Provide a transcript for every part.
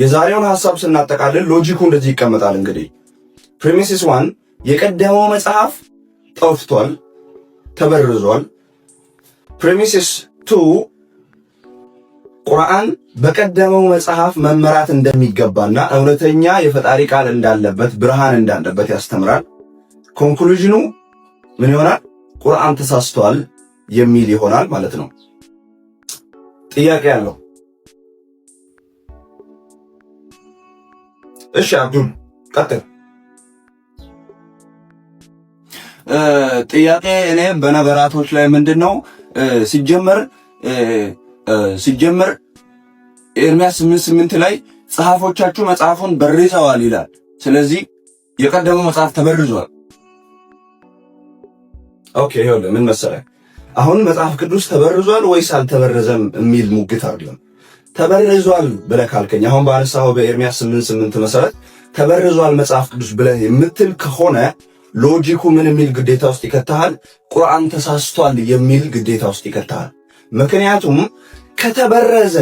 የዛሬውን ሐሳብ ስናጠቃልል ሎጂኩ እንደዚህ ይቀመጣል። እንግዲህ ፕሪሚሲስ ዋን የቀደመው መጽሐፍ ጠፍቷል፣ ተበርዟል። ፕሪሚሲስ ቱ ቁርአን በቀደመው መጽሐፍ መመራት እንደሚገባና እውነተኛ የፈጣሪ ቃል እንዳለበት ብርሃን እንዳለበት ያስተምራል። ኮንክሉዥኑ ምን ይሆናል? ቁርአን ተሳስቷል የሚል ይሆናል ማለት ነው። ጥያቄ አለው። እሺ አብዱል ቀጥል። ጥያቄ እኔም በነበራቶች ላይ ምንድን ነው ሲጀመር ሲጀመር ኤርሚያስ ስምንት ስምንት ላይ ጸሐፎቻችሁ መጽሐፉን በርዘዋል ይላል። ስለዚህ የቀደመው መጽሐፍ ተበርዟል። ኦኬ ይኸውልህ ምን መሰለህ አሁን መጽሐፍ ቅዱስ ተበርዟል ወይስ አልተበረዘም የሚል ሙግት አይደለም። ተበርዟል ብለ ካልከኝ አሁን ባነሳኸው በኤርሚያስ 8:8 መሰረት ተበርዟል መጽሐፍ ቅዱስ ብለ የምትል ከሆነ ሎጂኩ ምን የሚል ግዴታ ውስጥ ይከተሃል? ቁርአን ተሳስቷል የሚል ግዴታ ውስጥ ይከተሃል። ምክንያቱም ከተበረዘ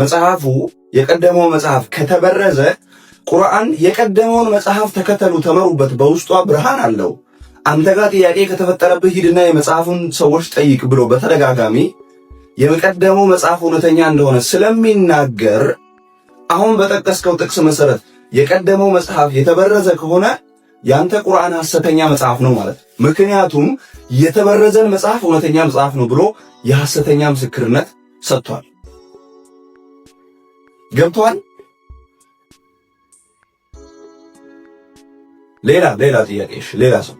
መጽሐፉ የቀደመው መጽሐፍ ከተበረዘ ቁርአን የቀደመውን መጽሐፍ ተከተሉ፣ ተመሩበት፣ በውስጧ ብርሃን አለው። አንተ ጋር ጥያቄ ከተፈጠረብህ ሂድና የመጽሐፉን ሰዎች ጠይቅ ብሎ በተደጋጋሚ የቀደመው መጽሐፍ እውነተኛ እንደሆነ ስለሚናገር አሁን በጠቀስከው ጥቅስ መሰረት የቀደመው መጽሐፍ የተበረዘ ከሆነ ያንተ ቁርአን ሐሰተኛ መጽሐፍ ነው ማለት። ምክንያቱም የተበረዘን መጽሐፍ እውነተኛ መጽሐፍ ነው ብሎ የሐሰተኛ ምስክርነት ሰጥቷል። ገብቷል። ሌላ ሌላ ጥያቄ ሌላ ሰው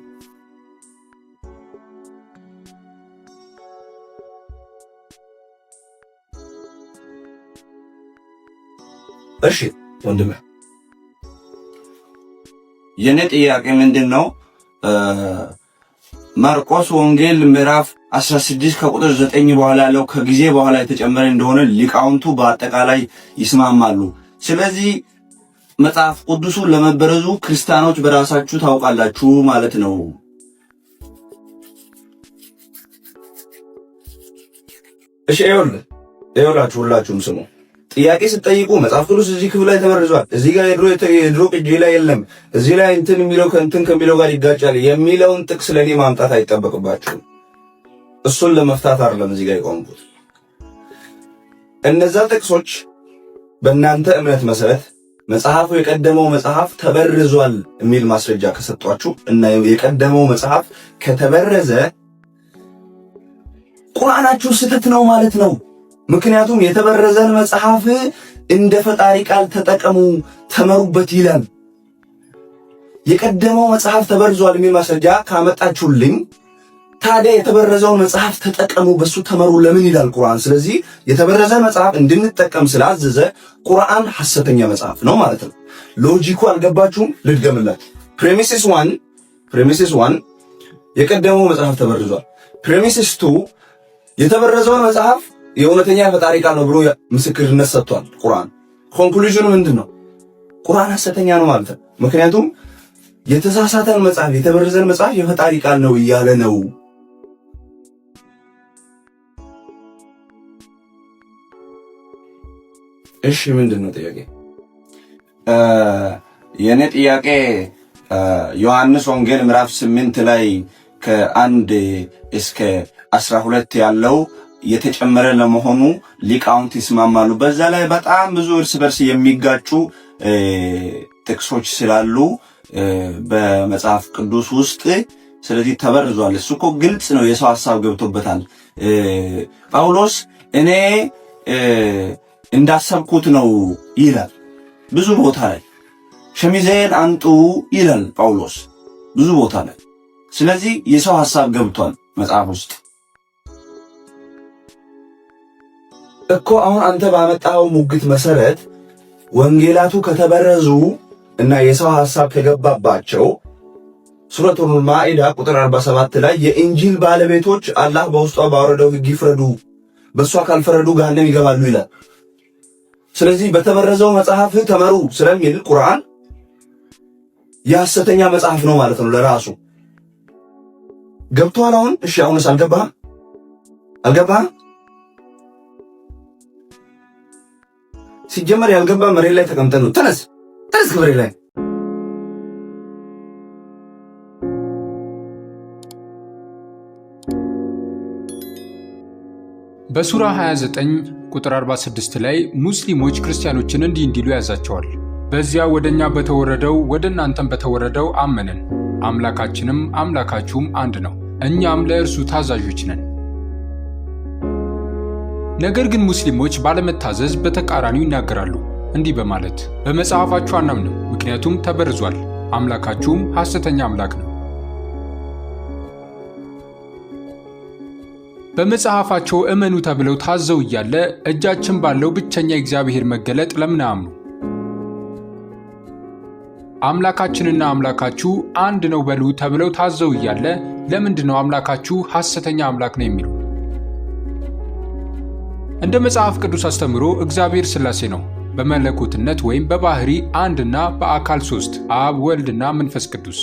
እሺ ወንድም የኔ ጥያቄ ምንድን ነው? ማርቆስ ወንጌል ምዕራፍ 16 ከቁጥር 9 በኋላ ያለው ከጊዜ በኋላ የተጨመረ እንደሆነ ሊቃውንቱ በአጠቃላይ ይስማማሉ። ስለዚህ መጽሐፍ ቅዱሱ ለመበረዙ ክርስቲያኖች በራሳችሁ ታውቃላችሁ ማለት ነው። እሺ ይኸውላችሁ ሁላችሁም ስሙ። ጥያቄ ስትጠይቁ መጽሐፍ ቅዱስ እዚህ ክፍል ላይ ተበርዟል፣ እዚህ ጋር የድሮ የድሮ ቅጂ ላይ የለም፣ እዚህ ላይ እንትን የሚለው ከእንትን ከሚለው ጋር ይጋጫል የሚለውን ጥቅስ ለእኔ ማምጣት አይጠበቅባችሁም። እሱን ለመፍታት አይደለም እዚህ ጋር የቆምኩት። እነዛ ጥቅሶች በእናንተ እምነት መሰረት መጽሐፉ የቀደመው መጽሐፍ ተበርዟል የሚል ማስረጃ ከሰጧችሁ እና የቀደመው መጽሐፍ ከተበረዘ ቁርአናችሁ ስህተት ነው ማለት ነው። ምክንያቱም የተበረዘን መጽሐፍ እንደ ፈጣሪ ቃል ተጠቀሙ፣ ተመሩበት ይላል። የቀደመው መጽሐፍ ተበርዟል የሚል ማስረጃ ካመጣችሁልኝ ታዲያ የተበረዘውን መጽሐፍ ተጠቀሙ፣ በሱ ተመሩ ለምን ይላል ቁርአን? ስለዚህ የተበረዘን መጽሐፍ እንድንጠቀም ስላዘዘ ቁርአን ሐሰተኛ መጽሐፍ ነው ማለት ነው። ሎጂኩ አልገባችሁም? ልድገምላችሁ። ፕሬሚሲስ ዋን ፕሬሚሲስ ዋን የቀደመው መጽሐፍ ተበርዟል። ፕሬሚሲስ ቱ የተበረዘውን መጽሐፍ የእውነተኛ ፈጣሪ ቃል ነው ብሎ ምስክርነት ሰጥቷል ቁርአን። ኮንክሉዥኑ ምንድን ነው? ቁርአን ሐሰተኛ ነው ማለት ነው። ምክንያቱም የተሳሳተን መጽሐፍ የተበረዘን መጽሐፍ የፈጣሪ ቃል ነው እያለ ነው። እሺ ምንድን ነው ጥያቄ? የእኔ ጥያቄ ዮሐንስ ወንጌል ምዕራፍ ስምንት ላይ ከአንድ እስከ አስራ ሁለት ያለው የተጨመረ ለመሆኑ ሊቃውንት ይስማማሉ። በዛ ላይ በጣም ብዙ እርስ በርስ የሚጋጩ ጥቅሶች ስላሉ በመጽሐፍ ቅዱስ ውስጥ ስለዚህ ተበርዟል። እሱ እኮ ግልጽ ነው፣ የሰው ሀሳብ ገብቶበታል። ጳውሎስ እኔ እንዳሰብኩት ነው ይላል ብዙ ቦታ ላይ። ሸሚዜን አንጡ ይላል ጳውሎስ ብዙ ቦታ ላይ። ስለዚህ የሰው ሀሳብ ገብቷል መጽሐፍ ውስጥ እኮ አሁን አንተ ባመጣው ሙግት መሰረት ወንጌላቱ ከተበረዙ እና የሰው ሐሳብ ከገባባቸው ሱረቱል ማኢዳ ቁጥር 47 ላይ የኢንጂል ባለቤቶች አላህ በውስጧ ባወረደው ሕግ ይፍረዱ፣ በእሷ ካልፈረዱ ገሃነም ይገባሉ ይላል። ስለዚህ በተበረዘው መጽሐፍ ተመሩ ስለሚል ቁርአን የሐሰተኛ መጽሐፍ ነው ማለት ነው ለራሱ ገብቶሃል። አሁን እሺ፣ አሁንስ አልገባህም? አልገባህም? ሲጀመር ያልገባ መሬት ላይ ተቀምጠን ነው። ተነስ ተነስ፣ መሬት ላይ በሱራ 29 ቁጥር 46 ላይ ሙስሊሞች ክርስቲያኖችን እንዲህ እንዲሉ ያዛቸዋል። በዚያ ወደ እኛ በተወረደው ወደ እናንተም በተወረደው አመንን፣ አምላካችንም አምላካችሁም አንድ ነው፣ እኛም ለእርሱ ታዛዦች ነን። ነገር ግን ሙስሊሞች ባለመታዘዝ በተቃራኒው ይናገራሉ እንዲህ በማለት በመጽሐፋችሁ አናምንም፣ ምክንያቱም ተበርዟል፣ አምላካችሁም ሐሰተኛ አምላክ ነው። በመጽሐፋቸው እመኑ ተብለው ታዘው እያለ እጃችን ባለው ብቸኛ የእግዚአብሔር መገለጥ ለምን አያምኑ? አምላካችንና አምላካችሁ አንድ ነው በሉ ተብለው ታዘው እያለ ለምንድን ነው አምላካችሁ ሐሰተኛ አምላክ ነው የሚሉ? እንደ መጽሐፍ ቅዱስ አስተምሮ እግዚአብሔር ሥላሴ ነው። በመለኮትነት ወይም በባህሪ አንድና በአካል ሶስት አብ ወልድና መንፈስ ቅዱስ።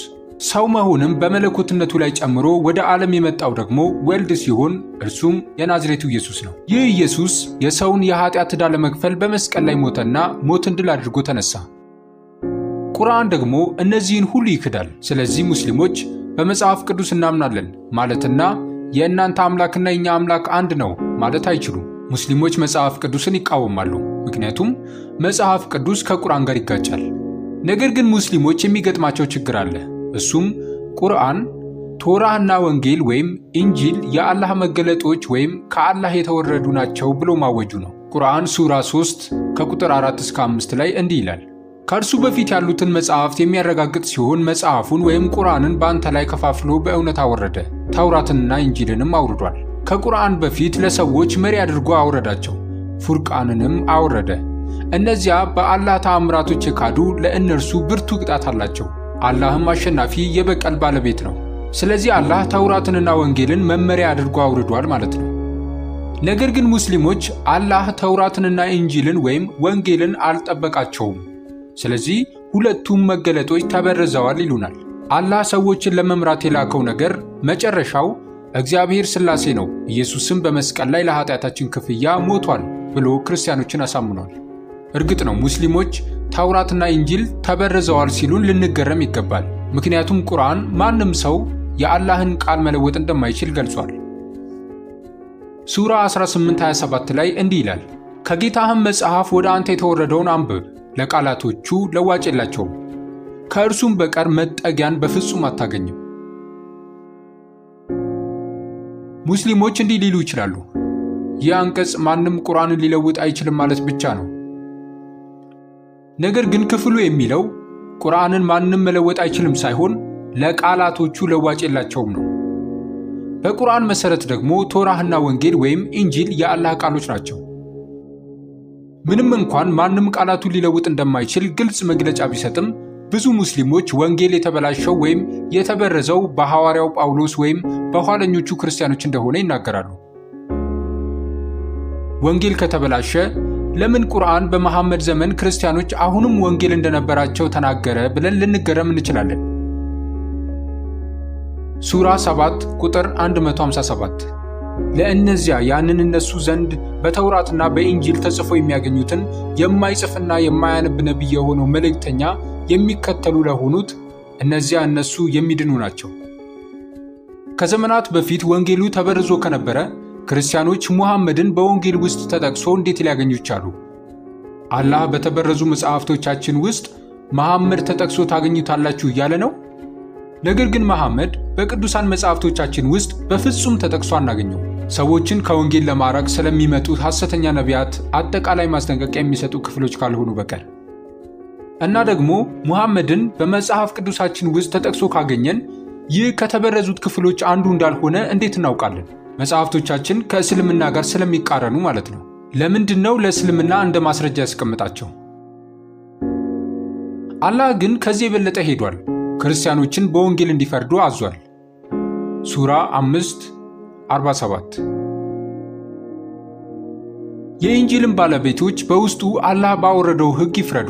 ሰው መሆንም በመለኮትነቱ ላይ ጨምሮ ወደ ዓለም የመጣው ደግሞ ወልድ ሲሆን እርሱም የናዝሬቱ ኢየሱስ ነው። ይህ ኢየሱስ የሰውን የኃጢአት ዕዳ ለመክፈል በመስቀል ላይ ሞተና ሞትን ድል አድርጎ ተነሳ። ቁርአን ደግሞ እነዚህን ሁሉ ይክዳል። ስለዚህ ሙስሊሞች በመጽሐፍ ቅዱስ እናምናለን ማለትና የእናንተ አምላክና የእኛ አምላክ አንድ ነው ማለት አይችሉም። ሙስሊሞች መጽሐፍ ቅዱስን ይቃወማሉ፣ ምክንያቱም መጽሐፍ ቅዱስ ከቁርአን ጋር ይጋጫል። ነገር ግን ሙስሊሞች የሚገጥማቸው ችግር አለ። እሱም ቁርአን፣ ቶራህና ወንጌል ወይም ኢንጂል የአላህ መገለጦች ወይም ከአላህ የተወረዱ ናቸው ብሎ ማወጁ ነው። ቁርአን ሱራ 3 ከቁጥር 4 እስከ 5 ላይ እንዲህ ይላል ከእርሱ በፊት ያሉትን መጽሐፍት የሚያረጋግጥ ሲሆን መጽሐፉን ወይም ቁርአንን በአንተ ላይ ከፋፍሎ በእውነት አወረደ፣ ተውራትንና ኢንጂልንም አውርዷል። ከቁርአን በፊት ለሰዎች መሪ አድርጎ አውረዳቸው፣ ፉርቃንንም አውረደ። እነዚያ በአላህ ተአምራቶች የካዱ ለእነርሱ ብርቱ ቅጣት አላቸው። አላህም አሸናፊ የበቀል ባለቤት ነው። ስለዚህ አላህ ተውራትንና ወንጌልን መመሪያ አድርጎ አውርዷል ማለት ነው። ነገር ግን ሙስሊሞች አላህ ተውራትንና ኢንጂልን ወይም ወንጌልን አልጠበቃቸውም። ስለዚህ ሁለቱም መገለጦች ተበርዘዋል ይሉናል። አላህ ሰዎችን ለመምራት የላከው ነገር መጨረሻው እግዚአብሔር ስላሴ ነው፣ ኢየሱስም በመስቀል ላይ ለኃጢአታችን ክፍያ ሞቷል ብሎ ክርስቲያኖችን አሳምኗል። እርግጥ ነው ሙስሊሞች ተውራትና ኢንጂል ተበርዘዋል ሲሉን ልንገረም ይገባል። ምክንያቱም ቁርአን ማንም ሰው የአላህን ቃል መለወጥ እንደማይችል ገልጿል። ሱራ 18:27 ላይ እንዲህ ይላል፣ ከጌታህም መጽሐፍ ወደ አንተ የተወረደውን አንብብ፣ ለቃላቶቹ ለዋጭ የላቸውም፣ ከእርሱም በቀር መጠጊያን በፍጹም አታገኝም። ሙስሊሞች እንዲህ ሊሉ ይችላሉ፣ ይህ አንቀጽ ማንም ቁርአንን ሊለውጥ አይችልም ማለት ብቻ ነው። ነገር ግን ክፍሉ የሚለው ቁርአንን ማንም መለወጥ አይችልም ሳይሆን ለቃላቶቹ ለዋጭ የላቸውም ነው። በቁርአን መሠረት ደግሞ ቶራህና ወንጌል ወይም ኢንጂል የአላህ ቃሎች ናቸው። ምንም እንኳን ማንም ቃላቱን ሊለውጥ እንደማይችል ግልጽ መግለጫ ቢሰጥም ብዙ ሙስሊሞች ወንጌል የተበላሸው ወይም የተበረዘው በሐዋርያው ጳውሎስ ወይም በኋለኞቹ ክርስቲያኖች እንደሆነ ይናገራሉ። ወንጌል ከተበላሸ ለምን ቁርአን በመሐመድ ዘመን ክርስቲያኖች አሁንም ወንጌል እንደነበራቸው ተናገረ ብለን ልንገረም እንችላለን። ሱራ 7 ቁጥር 157 ለእነዚያ ያንን እነሱ ዘንድ በተውራትና በኢንጂል ተጽፎ የሚያገኙትን የማይጽፍና የማያነብ ነቢይ የሆነው መልእክተኛ የሚከተሉ ለሆኑት እነዚያ እነሱ የሚድኑ ናቸው። ከዘመናት በፊት ወንጌሉ ተበርዞ ከነበረ ክርስቲያኖች ሙሐመድን በወንጌል ውስጥ ተጠቅሶ እንዴት ሊያገኙ ቻሉ? አላህ በተበረዙ መጽሐፍቶቻችን ውስጥ መሐመድ ተጠቅሶ ታገኙታላችሁ እያለ ነው? ነገር ግን መሐመድ በቅዱሳን መጻሕፍቶቻችን ውስጥ በፍጹም ተጠቅሶ አናገኘው። ሰዎችን ከወንጌል ለማራቅ ስለሚመጡ ሐሰተኛ ነቢያት አጠቃላይ ማስጠንቀቂያ የሚሰጡ ክፍሎች ካልሆኑ በቀር እና ደግሞ ሙሐመድን በመጽሐፍ ቅዱሳችን ውስጥ ተጠቅሶ ካገኘን ይህ ከተበረዙት ክፍሎች አንዱ እንዳልሆነ እንዴት እናውቃለን? መጽሐፍቶቻችን ከእስልምና ጋር ስለሚቃረኑ ማለት ነው። ለምንድን ነው ለእስልምና እንደ ማስረጃ ያስቀምጣቸው? አላህ ግን ከዚህ የበለጠ ሄዷል። ክርስቲያኖችን በወንጌል እንዲፈርዱ አዟል። ሱራ 5 47 የኢንጅልን ባለቤቶች በውስጡ አላህ ባወረደው ሕግ ይፍረዱ።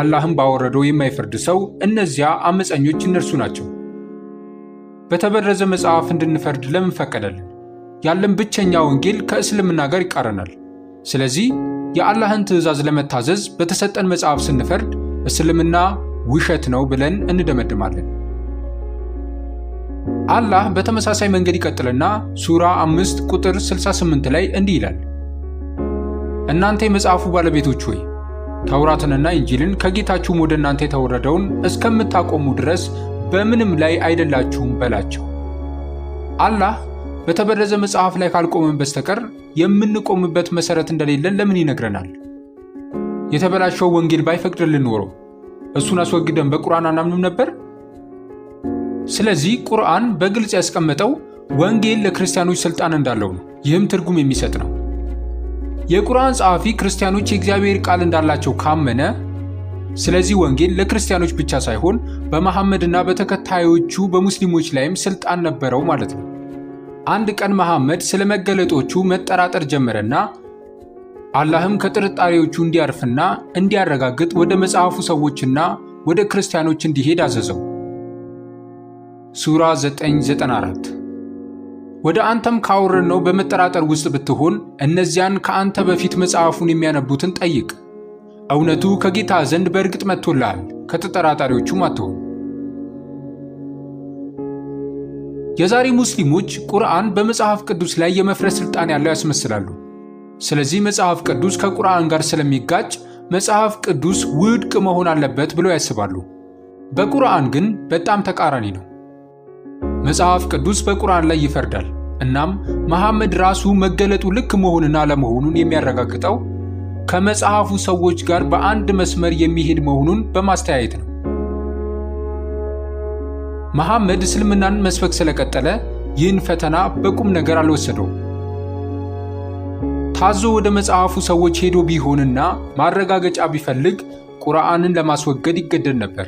አላህም ባወረደው የማይፈርድ ሰው እነዚያ አመፀኞች እነርሱ ናቸው። በተበረዘ መጽሐፍ እንድንፈርድ ለምን ፈቀደልን? ያለን ብቸኛ ወንጌል ከእስልምና ጋር ይቃረናል። ስለዚህ የአላህን ትእዛዝ ለመታዘዝ በተሰጠን መጽሐፍ ስንፈርድ እስልምና ውሸት ነው ብለን እንደመድማለን። አላህ በተመሳሳይ መንገድ ይቀጥልና ሱራ 5 ቁጥር 68 ላይ እንዲህ ይላል፣ እናንተ የመጽሐፉ ባለቤቶች ሆይ ተውራትንና ኢንጂልን ከጌታችሁም ወደ እናንተ የተወረደውን እስከምታቆሙ ድረስ በምንም ላይ አይደላችሁም በላቸው። አላህ በተበረዘ መጽሐፍ ላይ ካልቆመን በስተቀር የምንቆምበት መሰረት እንደሌለን ለምን ይነግረናል? የተበላሸው ወንጌል ባይፈቅድልን ኖሮ እሱን አስወግደን በቁርአን አናምንም ነበር? ስለዚህ ቁርአን በግልጽ ያስቀመጠው ወንጌል ለክርስቲያኖች ስልጣን እንዳለው ነው። ይህም ትርጉም የሚሰጥ ነው። የቁርአን ጸሐፊ ክርስቲያኖች የእግዚአብሔር ቃል እንዳላቸው ካመነ ስለዚህ ወንጌል ለክርስቲያኖች ብቻ ሳይሆን በመሐመድና በተከታዮቹ በሙስሊሞች ላይም ስልጣን ነበረው ማለት ነው። አንድ ቀን መሐመድ ስለ መገለጦቹ መጠራጠር ጀመረና አላህም ከጥርጣሬዎቹ እንዲያርፍና እንዲያረጋግጥ ወደ መጽሐፉ ሰዎችና ወደ ክርስቲያኖች እንዲሄድ አዘዘው። ሱራ 994 ወደ አንተም ካወረድነው በመጠራጠር ውስጥ ብትሆን እነዚያን ከአንተ በፊት መጽሐፉን የሚያነቡትን ጠይቅ። እውነቱ ከጌታ ዘንድ በእርግጥ መጥቶልሃል፣ ከተጠራጣሪዎቹም አትሆን። የዛሬ ሙስሊሞች ቁርአን በመጽሐፍ ቅዱስ ላይ የመፍረስ ሥልጣን ያለው ያስመስላሉ። ስለዚህ መጽሐፍ ቅዱስ ከቁርአን ጋር ስለሚጋጭ መጽሐፍ ቅዱስ ውድቅ መሆን አለበት ብለው ያስባሉ። በቁርአን ግን በጣም ተቃራኒ ነው። መጽሐፍ ቅዱስ በቁርአን ላይ ይፈርዳል። እናም መሐመድ ራሱ መገለጡ ልክ መሆንና አለመሆኑን የሚያረጋግጠው ከመጽሐፉ ሰዎች ጋር በአንድ መስመር የሚሄድ መሆኑን በማስተያየት ነው። መሐመድ እስልምናን መስበክ ስለቀጠለ ይህን ፈተና በቁም ነገር አልወሰደውም። ታዞ ወደ መጽሐፉ ሰዎች ሄዶ ቢሆንና ማረጋገጫ ቢፈልግ ቁርአንን ለማስወገድ ይገደድ ነበር።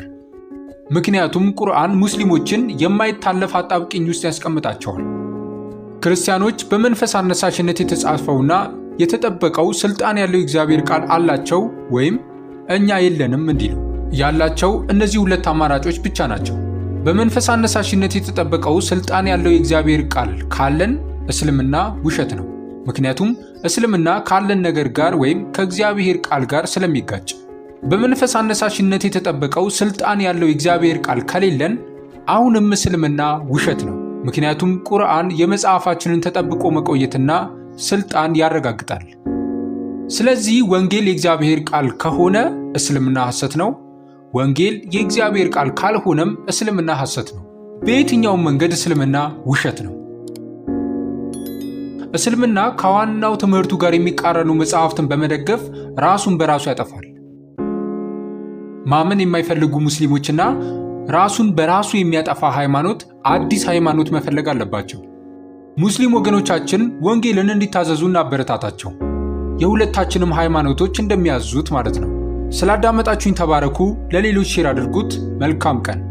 ምክንያቱም ቁርአን ሙስሊሞችን የማይታለፍ አጣብቅኝ ውስጥ ያስቀምጣቸዋል። ክርስቲያኖች በመንፈስ አነሳሽነት የተጻፈውና የተጠበቀው ስልጣን ያለው የእግዚአብሔር ቃል አላቸው ወይም እኛ የለንም እንዲሉ ያላቸው እነዚህ ሁለት አማራጮች ብቻ ናቸው። በመንፈስ አነሳሽነት የተጠበቀው ስልጣን ያለው የእግዚአብሔር ቃል ካለን እስልምና ውሸት ነው። ምክንያቱም እስልምና ካለን ነገር ጋር ወይም ከእግዚአብሔር ቃል ጋር ስለሚጋጭ። በመንፈስ አነሳሽነት የተጠበቀው ስልጣን ያለው የእግዚአብሔር ቃል ከሌለን አሁንም እስልምና ውሸት ነው። ምክንያቱም ቁርአን የመጽሐፋችንን ተጠብቆ መቆየትና ስልጣን ያረጋግጣል። ስለዚህ ወንጌል የእግዚአብሔር ቃል ከሆነ እስልምና ሐሰት ነው። ወንጌል የእግዚአብሔር ቃል ካልሆነም እስልምና ሐሰት ነው። በየትኛውም መንገድ እስልምና ውሸት ነው። እስልምና ከዋናው ትምህርቱ ጋር የሚቃረኑ መጽሐፍትን በመደገፍ ራሱን በራሱ ያጠፋል። ማመን የማይፈልጉ ሙስሊሞችና ራሱን በራሱ የሚያጠፋ ሃይማኖት አዲስ ሃይማኖት መፈለግ አለባቸው። ሙስሊም ወገኖቻችን ወንጌልን እንዲታዘዙ እናበረታታቸው። የሁለታችንም ሃይማኖቶች እንደሚያዙት ማለት ነው። ስላዳመጣችሁኝ ተባረኩ። ለሌሎች ሼር አድርጉት። መልካም ቀን